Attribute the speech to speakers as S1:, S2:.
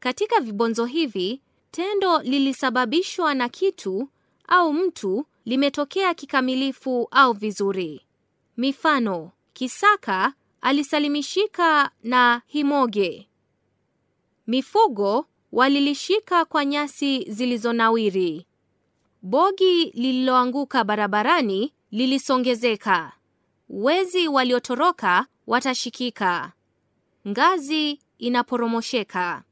S1: Katika vibonzo hivi, tendo lilisababishwa na kitu au mtu limetokea kikamilifu au vizuri. Mifano: Kisaka alisalimishika na himoge. Mifugo walilishika kwa nyasi zilizonawiri. Bogi lililoanguka barabarani lilisongezeka. Wezi waliotoroka watashikika. Ngazi inaporomosheka.